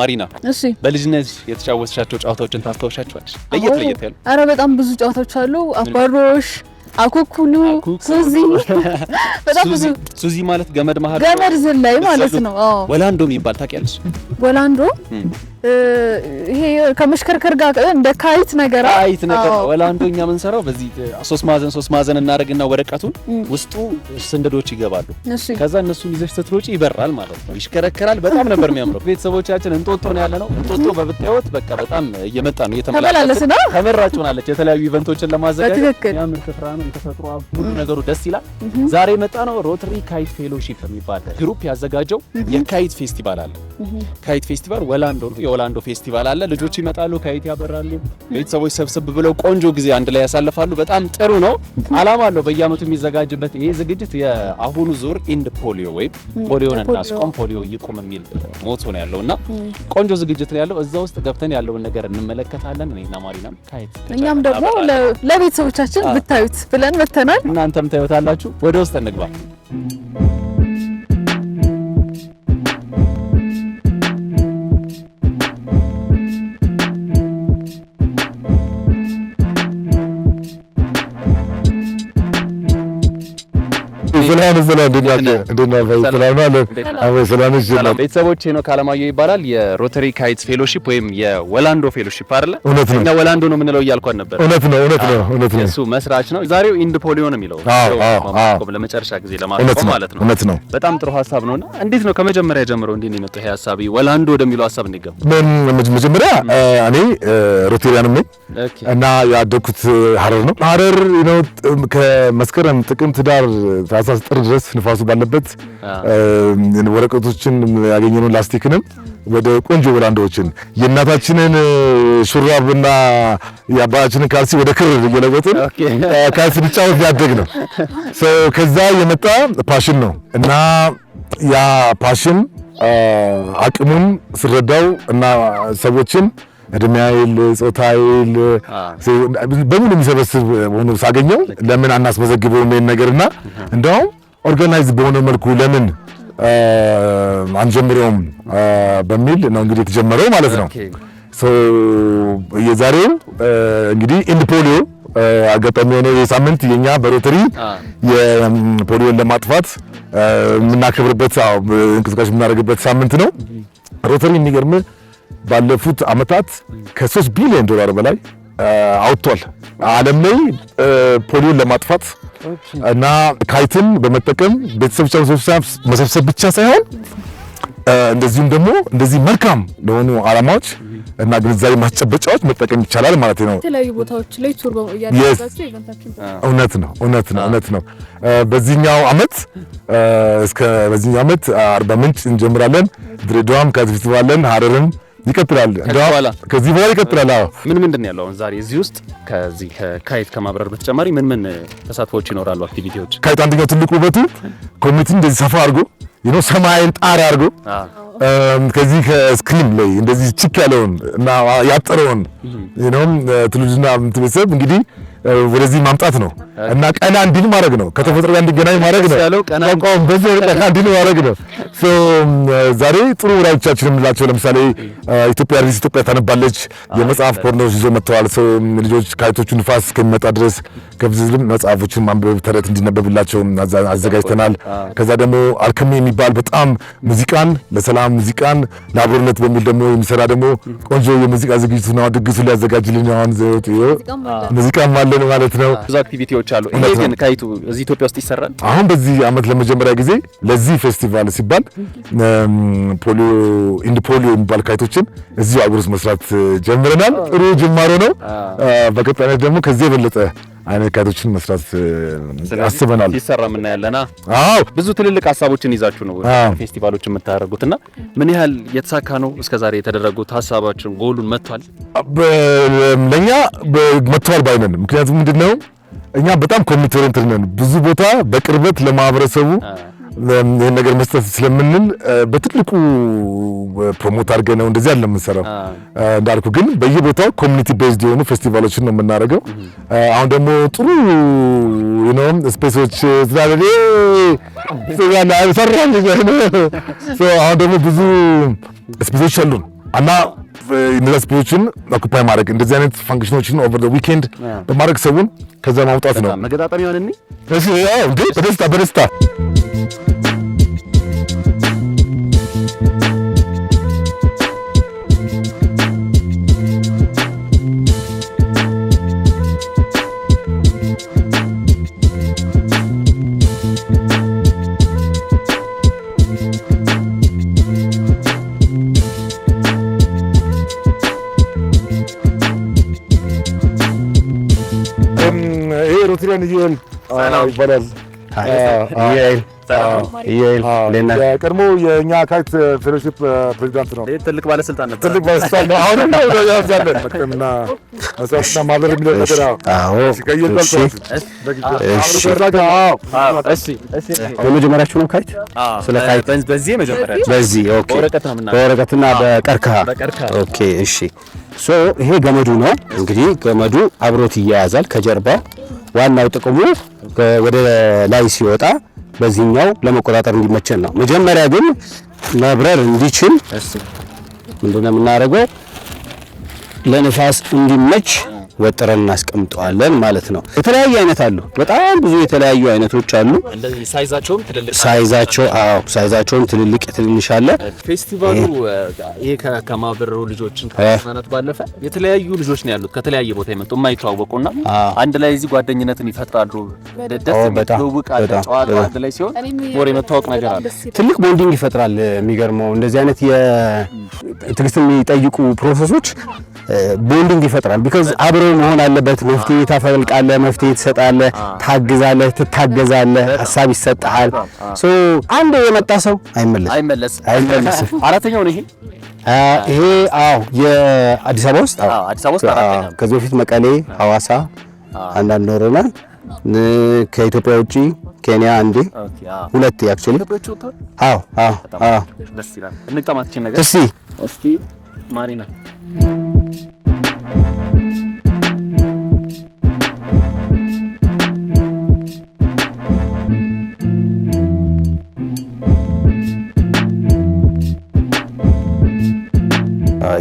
ማሪና እሺ፣ በልጅነት የተጫወተሻቸው ጨዋታዎችን ታስታውሻቸዋለሽ? ለየት ለየት ያሉ። አረ በጣም ብዙ ጨዋታዎች አሉ። አባሮሽ፣ አኩኩሉ፣ ሱዚ፣ በጣም ብዙ። ሱዚ ማለት ገመድ መሀል ገመድ ዝላይ ማለት ነው። ወላንዶ የሚባል ታውቂያለሽ? ወላንዶ ይሄ ከመሽከርከር ጋር እንደ ካይት ነገር አይት ነገር ወላንዶኛ የምንሰራው በዚህ ሶስት ማዕዘን ሶስት ማዕዘን እናደርግና ወረቀቱን ውስጡ ስንደዶች ይገባሉ። ከዛ እነሱን ይዘሽ ስትሮጪ ይበራል ማለት ነው፣ ይሽከረከራል። በጣም ነበር የሚያምረው። ቤተሰቦቻችን እንጦጦ ነው ያለ ነው። እንጦጦ በብታዩት በቃ በጣም እየመጣ ነው እየተመላለስ ነው። ተመራጭ ሆናለች የተለያዩ ኢቨንቶችን ለማዘጋጀት የሚያምር ያምር ነው። ተፈጥሮ ሁሉ ነገሩ ደስ ይላል። ዛሬ የመጣ ነው ሮተሪ ካይት ፌሎሺፕ የሚባል ግሩፕ ያዘጋጀው የካይት ፌስቲቫል አለ። ካይት ፌስቲቫል ወላንዶ ነው የኦላንዶ ፌስቲቫል አለ። ልጆች ይመጣሉ፣ ከየት ያበራሉ፣ ቤተሰቦች ሰብሰብ ብለው ቆንጆ ጊዜ አንድ ላይ ያሳልፋሉ። በጣም ጥሩ ነው። አላማ አለው በየአመቱ የሚዘጋጅበት ይሄ ዝግጅት የአሁኑ ዙር ኢንድ ፖሊዮ ወይም ፖሊዮን እናስቆም ፖሊዮ ይቁም የሚል ሞቶ ነው ያለው እና ቆንጆ ዝግጅት ነው ያለው። እዛ ውስጥ ገብተን ያለውን ነገር እንመለከታለን። እኔና ማሪናም ካየት እኛም ደግሞ ለቤተሰቦቻችን ብታዩት ብለን መተናል። እናንተም ታዩታላችሁ። ወደ ውስጥ እንግባ። ቤተሰቦች ሄኖክ አለማየሁ ይባላል። የሮተሪ ካይት ፌሎሺፕ ወይም የወላንዶ ፌሎሺፕ አይደለ? እውነት ነው። እና ወላንዶ ነው የምንለው እያልኳን ነበር። እውነት ነው፣ እውነት ነው፣ እውነት ነው። እሱ መስራች ነው። ዛሬው ኢንድ ነው የሚለው ለመጨረሻ ጊዜ ለማቆም ማለት ነው። እውነት ነው። በጣም ጥሩ ሀሳብ ነውና እንዴት ነው ከመጀመሪያ ጀምሮ እንዴት ነው የመጣው ይሄ ሀሳብ ወላንዶ ወደሚለው ሀሳብ እንገባ። መጀመሪያ እኔ ሮቴሪያንም ነኝ እና ያደኩት ሀረር ነው። ሀረር ነው ከመስከረም ጥቅምት ዳር ታህሳስ ጥር ድረስ ንፋሱ ባለበት ወረቀቶችን ያገኘነውን ላስቲክንም ወደ ቆንጆ ወላንዳዎችን የእናታችንን ሹራብና የአባታችንን ካልሲ ወደ ክር እየለወጥን ካልሲ እንጫወት ያደግ ነው። ከዛ የመጣ ፓሽን ነው እና ያ ፓሽን አቅሙን ስረዳው እና ሰዎችን እድሜ አይል ጾታ አይል በሙሉ የሚሰበስብ ሆኖ ሳገኘው ለምን አናስመዘግበውም ይሄን ነገርና እንደውም ኦርጋናይዝ በሆነ መልኩ ለምን አንጀምረውም በሚል ነው እንግዲህ የተጀመረው ማለት ነው። የዛሬው እንግዲህ ኢንድ ፖሊዮ አጋጣሚ የሆነ የሳምንት የኛ በሮተሪ የፖሊዮን ለማጥፋት የምናከብርበት እንቅስቃሴ የምናደርግበት ሳምንት ነው። ሮተሪ የሚገርም ባለፉት ዓመታት ከ3 ቢሊዮን ዶላር በላይ አውጥቷል። ዓለም ላይ ፖሊዮን ለማጥፋት እና ካይትን በመጠቀም ቤተሰቦቻቸውን መሰብሰብ ብቻ ሳይሆን እንደዚሁም ደግሞ እንደዚህ መልካም ለሆኑ ዓላማዎች እና ግንዛቤ ማስጨበጫዎች መጠቀም ይቻላል ማለት ነው። የተለያዩ ቦታዎች ላይ ቱር እውነት ነው እውነት ነው እውነት ነው። በዚህኛው ዓመት እስከ በዚህኛው ዓመት አርባ ምንጭ እንጀምራለን። ድሬዳዋም ከዚህ ፊት ባለን ሀረርን ይቀጥላል። ከዚህ በኋላ ይቀጥላል። አዎ ምን ምንድን ነው ያለው? አሁን ዛሬ እዚህ ውስጥ ከዚህ ከካይት ከማብረር በተጨማሪ ምን ምን ተሳትፎዎች ይኖራሉ? አክቲቪቲዎች ካይት አንደኛው ትልቁ ውበቱ ኮሚቲ እንደዚህ ሰፋ አድርጎ ይኖ ሰማይን ጣሪ አድርጎ ከዚህ ከስክሪን ላይ እንደዚህ ችክ ያለውን እና ያጠረውን ይኖም ትሉጅና ቤተሰብ እንግዲህ ወደዚህ ማምጣት ነው እና ቀና እንዲል ማድረግ ነው። ከተፈጥሮ ጋር እንዲገናኝ ማድረግ ነው። ቋንቋውን በዚህ ቀና እንዲል ማድረግ ነው። ሶ ዛሬ ጥሩ ወዳጆቻችን የምንላቸው ለምሳሌ ኢትዮጵያ ሪልስ ኢትዮጵያ ታነባለች የመጽሐፍ ኮርነሮች ይዞ መጥተዋል። ልጆች ከአይቶቹ ንፋስ እስከሚመጣ ድረስ ከብዝልም መጽሐፎችን ማንበብ ተረት እንዲነበብላቸው አዘጋጅተናል። ከዛ ደግሞ አልከሚ የሚባል በጣም ሙዚቃን ለሰላም ሙዚቃን ለአብሮነት በሚል ደግሞ የሚሰራ ደግሞ ቆንጆ የሙዚቃ ዝግጅት ዝግጅቱና ድግሱ ሊያዘጋጅልን ሙዚቃም አለ አለን ማለት ነው። ብዙ አክቲቪቲዎች አሉ። ይሄ ግን ካይቱ እዚህ ኢትዮጵያ ውስጥ ይሰራል። አሁን በዚህ አመት ለመጀመሪያ ጊዜ ለዚህ ፌስቲቫል ሲባል ፖሊዮ ኢንድ ፖሊዮ የሚባል ካይቶችን እዚሁ አገር ውስጥ መስራት ጀምረናል። ጥሩ ጅማሮ ነው። በቀጣይነት ደግሞ ከዚህ የበለጠ አይነካቶችን መስራት አስበናል። ሲሰራ ምን ያለና? አዎ ብዙ ትልልቅ ሀሳቦችን ይዛችሁ ነው ፌስቲቫሎች የምታደርጉትና ምን ያህል የተሳካ ነው እስከዛሬ የተደረጉት? ሀሳባችን ጎሉን መጥቷል፣ ለኛ መጥቷል ባይነን። ምክንያቱም ምንድነው እኛ በጣም ኮሚት ኦሪየንትድ ነን። ብዙ ቦታ በቅርበት ለማህበረሰቡ ይህን ነገር መስጠት ስለምንል በትልቁ ፕሮሞት አድርገን ነው። እንደዚህ አይደለም የምንሰራው። እንዳልኩ ግን በየቦታው ኮሚኒቲ ቤዝድ የሆኑ ፌስቲቫሎችን ነው የምናደርገው። አሁን ደግሞ ጥሩ ስፔሶች ስላለ አሁን ደግሞ ብዙ ስፔሶች አሉን እና እነዛ ስፔሶችን ኦኩፓይ ማድረግ እንደዚህ አይነት ፋንክሽኖችን ኦቨር ዘ ዊኬንድ በማድረግ ሰውን ከዛ ማውጣት ነው መገጣጠሚያ ሆነ በደስታ በደስታ ሮትሪያን ዩኤል ይባላል። የቀድሞ የእኛ ካይት ፌሎሺፕ ፕሬዚዳንት ነው። ትልቅ ባለስልጣን ነው። ትልቅ ባለስልጣን ነው። አሁንም ያዛለን ጥቅምና መስዋዕትና ማበር የሚለው ነገር ሲቀይር በመጀመሪያችሁ ነው ካይት ስለ ካይት በዚህ መጀመሪያ በዚህ በወረቀትና በቀርከሃ እሺ። ሶ ይሄ ገመዱ ነው እንግዲህ ገመዱ አብሮት ይያያዛል ከጀርባ ዋናው ጥቅሙ ወደ ላይ ሲወጣ በዚህኛው ለመቆጣጠር እንዲመቸን ነው። መጀመሪያ ግን መብረር እንዲችል ምንድነው የምናደርገው? ለንፋስ እንዲመች ወጥረን እናስቀምጠዋለን ማለት ነው። የተለያዩ አይነት አሉ። በጣም ብዙ የተለያዩ አይነቶች አሉ። ሳይዛቸው አዎ፣ ሳይዛቸውም ትልልቅ ትንንሽ አለ። ፌስቲቫሉ ይሄ ከማህበረሩ ልጆችን ከማዝናናት ባለፈ የተለያዩ ልጆች ነው ያሉት ከተለያየ ቦታ የመጡ የማይተዋወቁና አንድ ላይ እዚህ ጓደኝነትን ይፈጥራሉ። ደስ አለ ጨዋታ አንድ ላይ ሲሆን ወር የመታወቅ ነገር አለ። ትልቅ ቦንዲንግ ይፈጥራል። የሚገርመው እንደዚህ አይነት የትዕግስት የሚጠይቁ ፕሮሰሶች ቦንዲንግ ይፈጥራል ቢኮዝ አብረ መፍትሄ መሆን አለበት። መፍትሄ ታፈልቃለህ፣ መፍትሄ ትሰጣለህ፣ ታግዛለህ፣ ትታገዛለህ፣ ሀሳብ ይሰጥሃል። አንድ የመጣ ሰው አይመለስ አይመለስም። አራተኛው ነው ይሄ ይሄ አዎ፣ የአዲስ አበባ ውስጥ አዎ፣ አዲስ አበባ ውስጥ አራተኛው። ከዚህ በፊት መቀሌ፣ ሐዋሳ አንዳንድ ኖረናል። ከኢትዮጵያ ውጪ ኬንያ አንዴ ሁለት አክቹሊ። አዎ አዎ አዎ። ደስ ይላል። እንቀማችን ነገር እስቲ እስቲ ማሪና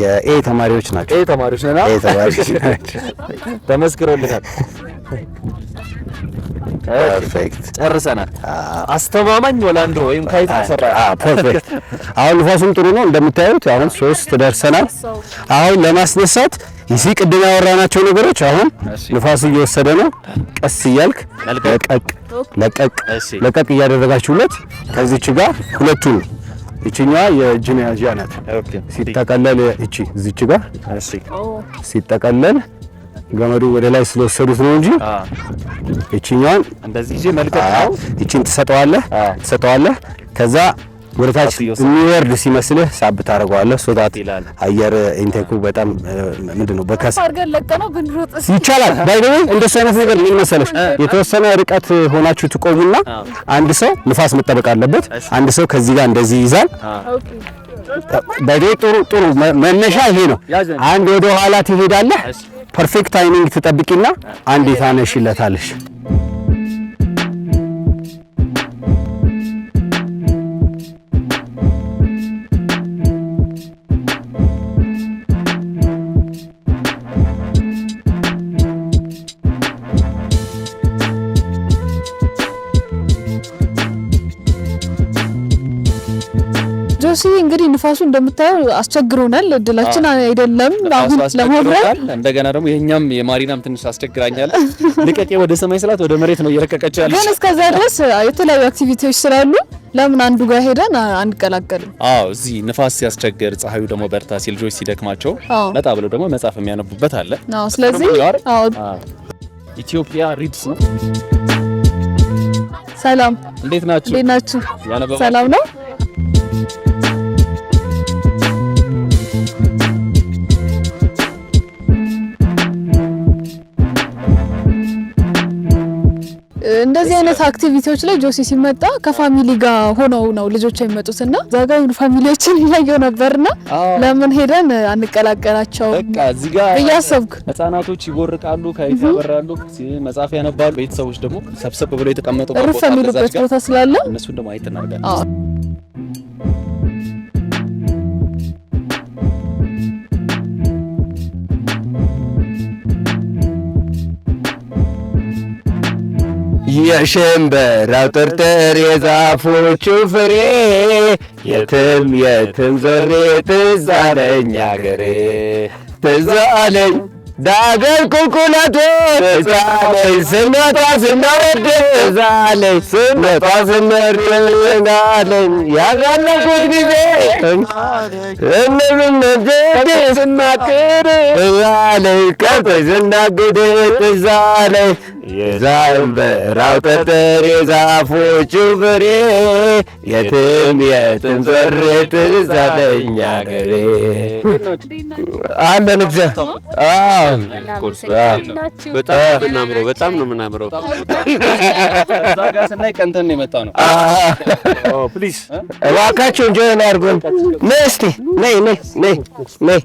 የኤ ተማሪዎች ናቸው። ኤ ተማሪዎች ነና ኤ ተማሪዎች ናቸው። ተመስክሮልናል። ፐርፌክት ጨርሰናል። አስተማማኝ ወላንዶ ወይም ካይት ተሰራ። አዎ ፐርፌክት። አሁን ንፋሱም ጥሩ ነው እንደምታዩት። አሁን ሶስት ደርሰናል። አሁን ለማስነሳት ይሲ ቅድም ያወራናቸው ነገሮች አሁን ንፋስ እየወሰደ ነው። ቀስ እያልክ ለቀቅ ለቀቅ ለቀቅ እያደረጋችሁለት ከዚች ጋር ሁለቱን ይችኛዋ የእጅ መያዣ ናት። ሲጠቀለል እቺ እዚች ጋር ሲጠቀለል ገመዱ ወደ ላይ ስለወሰዱት ነው እንጂ ይችኛዋን እንደዚህ ይቺን ትሰጠዋለህ ትሰጠዋለህ ከዛ ወደታች የሚወርድ ሲመስልህ ሳብ ታደርገዋለህ። ሶታት አየር ኢንቴኩ በጣም ምንድነው በከስ ይቻላል። ባይደው እንደሱ አይነት ነገር ምን መሰለሽ፣ የተወሰነ ርቀት ሆናችሁ ትቆሙና አንድ ሰው ንፋስ መጠበቅ አለበት። አንድ ሰው ከዚህ ጋር እንደዚህ ይዛል። ባይደው ጥሩ ጥሩ መነሻ ይሄ ነው። አንድ ወደ ኋላ ትሄዳለህ። ፐርፌክት ታይሚንግ ትጠብቂና አንዴ ታነሽለታለሽ። እንግዲህ ንፋሱ እንደምታየው አስቸግሮናል። እድላችን አይደለም አሁን ለመብረር። እንደገና ደግሞ የኛም የማሪናም ትንሽ አስቸግራኛል። ልቀቄ ወደ ሰማይ ስላት ወደ መሬት ነው እየረቀቀች ያለች። ግን እስከዛ ድረስ የተለያዩ አክቲቪቲዎች ስላሉ ለምን አንዱ ጋር ሄደን አንቀላቀልም? አዎ እዚህ ንፋስ ሲያስቸግር፣ ፀሐዩ ደግሞ በርታ ሲል ልጆች ሲደክማቸው ነጣ ብለው ደግሞ መጽሐፍ የሚያነቡበት አለ። ስለዚህ ኢትዮጵያ ሪድስ ነው። ሰላም፣ እንዴት ናችሁ? ሰላም ነው እንደዚህ አይነት አክቲቪቲዎች ላይ ጆሲ ሲመጣ ከፋሚሊ ጋር ሆነው ነው ልጆች የሚመጡት እና እዛ ጋ ፋሚሊዎችን እያየው ና ለምን ሄደን አንቀላቀላቸው እያሰብኩ ህጻናቶች ይቦርቃሉ፣ ከቤት ያበራሉ፣ መጽሐፍ ያነባሉ። ቤተሰቦች ደግሞ ሰብሰብ ብሎ የተቀመጡ ሩፍ የሚሉበት ቦታ ስላለ እነሱን ደግሞ አይተናርጋል። የሸንበራ ጥርጥር የዛፎቹ ፍሬ የትም የትም ዘሬ ትዝ አለኝ አገሬ ትዝ አለኝ ዳገል ቁልቁለቱ ዛለይ ስመቷ ስናወድ ዛለይ ስመቷ ስመርናለኝ ያሳለፉት ጊዜ ዛለይ ስናግድ ዛለይ የዘንበራው ጠጠሬ ዛፎቹ ፍሬ የትም የትም ዛለኛ ገሬ አለን በጣም በጣም በጣም ነው የምናምረው። ስናይ ቀንተን የመጣ ነው። ፕሊዝ እባካችሁ አድርጎን ነይ እስቲ ነይ ነይ ነይ ነይ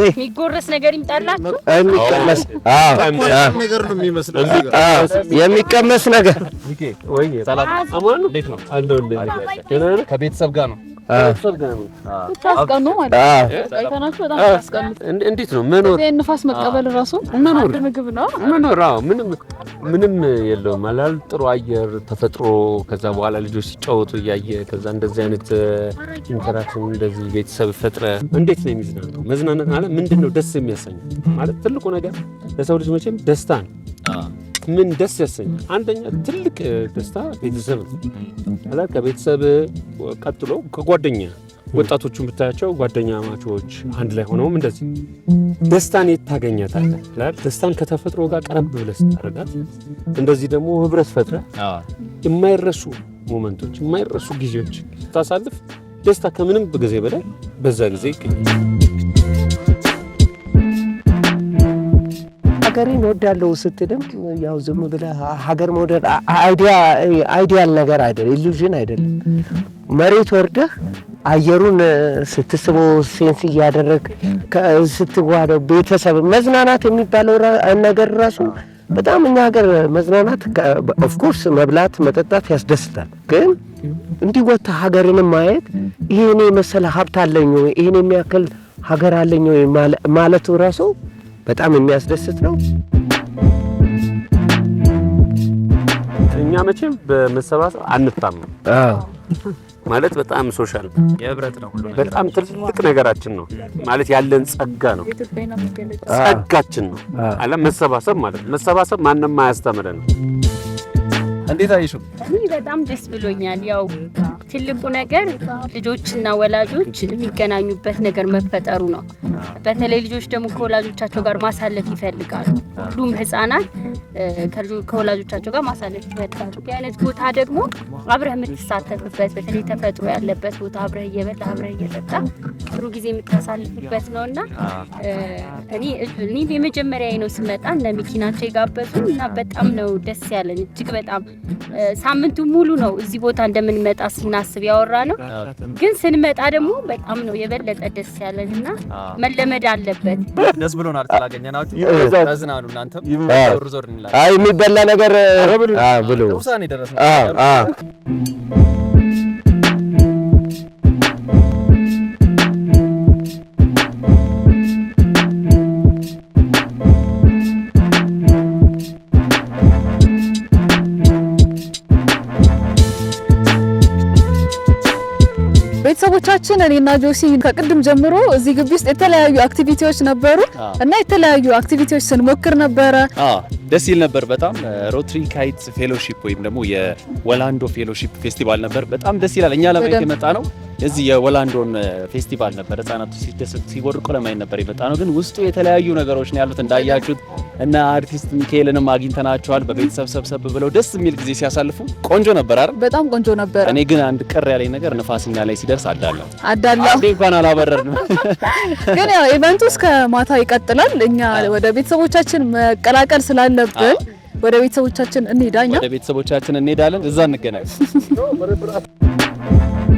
ነይ። የሚጎረስ ነገር ይምጣላችሁ። የሚቀመስ ነገር ነው የሚመስለው። የሚቀመስ ነገር ከቤተሰብ ጋር ነው እንዴት ነው መኖር? ንፋስ መቀበል ራሱ መኖር ምግብ ነው መኖር። ምንም የለውም አላል ጥሩ አየር ተፈጥሮ፣ ከዛ በኋላ ልጆች ሲጫወቱ እያየ ከዛ እንደዚህ አይነት ኢንተራክሽን እንደዚህ ቤተሰብ ፈጥረ እንዴት ነው የሚዝናናው? መዝናናት ማለት ምንድን ነው ደስ የሚያሰኘው ማለት ትልቁ ነገር ለሰው ልጅ መቼም ደስታ ነው። ምን ደስ ያሰኝ? አንደኛ ትልቅ ደስታ ቤተሰብ ነው። ከቤተሰብ ቀጥሎ ከጓደኛ ወጣቶቹ ብታያቸው ጓደኛ ማቾች አንድ ላይ ሆነውም እንደዚህ ደስታን የት ደስታን ከተፈጥሮ ጋር ቀረብ ብለህ ስታደርጋት፣ እንደዚህ ደግሞ ህብረት ፈጥረ የማይረሱ ሞመንቶች የማይረሱ ጊዜዎች ስታሳልፍ ደስታ ከምንም ጊዜ በላይ በዛ ጊዜ ይገኛል። ሀገሬን ወዳለው ስትልም ያው ዝም ብለህ ሀገር መውደድ አይዲያል ነገር አይደለም፣ ኢሉዥን አይደለም። መሬት ወርደህ አየሩን ስትስቦ ሴንስ እያደረግ ስትዋደው ቤተሰብ መዝናናት የሚባለው ነገር ራሱ በጣም እኛ ሀገር መዝናናት ኦፍኮርስ መብላት፣ መጠጣት ያስደስታል። ግን እንዲህ ወጥተህ ሀገርንም ማየት ይሄን የመሰለ ሀብት አለኝ ወይ ይሄን የሚያክል ሀገር አለኝ ማለቱ ራሱ በጣም የሚያስደስት ነው። እኛ መቼም በመሰባሰብ አንታምም ማለት በጣም ሶሻል የህብረት ነው። ሁሉ በጣም ትልቅ ነገራችን ነው ማለት ያለን ጸጋ ነው፣ ጸጋችን ነው አለ መሰባሰብ ማለት መሰባሰብ ማንም አያስተምረን። እንዴት አይሹ በጣም ደስ ብሎኛል። ያው ትልቁ ነገር ልጆችና ወላጆች የሚገናኙበት ነገር መፈጠሩ ነው። በተለይ ልጆች ደግሞ ከወላጆቻቸው ጋር ማሳለፍ ይፈልጋሉ። ሁሉም ሕፃናት ከወላጆቻቸው ጋር ማሳለፍ ይፈልጋሉ። የአይነት ቦታ ደግሞ አብረህ የምትሳተፍበት በተለይ ተፈጥሮ ያለበት ቦታ አብረህ እየበላ አብረህ እየጠጣ ጥሩ ጊዜ የምታሳልፍበት ነው እና እኔ የመጀመሪያ ነው ስመጣ እነ ሚኪናቸው የጋበዙ እና በጣም ነው ደስ ያለን እጅግ በጣም ሳምንቱ ሌሊቱ ሙሉ ነው እዚህ ቦታ እንደምንመጣ ስናስብ ያወራ ነው። ግን ስንመጣ ደግሞ በጣም ነው የበለጠ ደስ ያለን እና መለመድ አለበት። ደስ ብሎናል ስላገኘናችሁ። ተዝናኑ እናንተም ዞር ዞር እንላለን። አይ የሚበላ ነገር ብሉ ውሳኔ ደረስ ፕሮግራማችን እኔና ጆሲ ከቅድም ጀምሮ እዚህ ግቢ ውስጥ የተለያዩ አክቲቪቲዎች ነበሩ እና የተለያዩ አክቲቪቲዎች ስንሞክር ነበረ። ደስ ይል ነበር በጣም ሮትሪ ካይት ፌሎሺፕ ወይም ደግሞ የወላንዶ ፌሎሺፕ ፌስቲቫል ነበር። በጣም ደስ ይላል። እኛ ለማየት የመጣ ነው እዚህ የወላንዶን ፌስቲቫል ነበር ህጻናቱ ሲደሰቱ ሲወርቁ ለማየት ነበር የመጣ ነው። ግን ውስጡ የተለያዩ ነገሮች ነው ያሉት እንዳያችሁት እና አርቲስት ሚካኤልንም አግኝተናቸዋል። በቤተሰብ ሰብሰብ ብለው ደስ የሚል ጊዜ ሲያሳልፉ ቆንጆ ነበር አይደል? በጣም ቆንጆ ነበር። እኔ ግን አንድ ቅር ያለኝ ነገር ንፋስኛ ላይ ሲደርስ አዳለሁ አዳለሁ አንዴ እንኳን አላበረርንም። ግን ያው ኢቨንቱ እስከ ማታ ይቀጥላል። እኛ ወደ ቤተሰቦቻችን መቀላቀል ስላለብን ወደ ቤተሰቦቻችን እንሄዳኛ ወደ ቤተሰቦቻችን እንሄዳለን። እዛ እንገናኝ።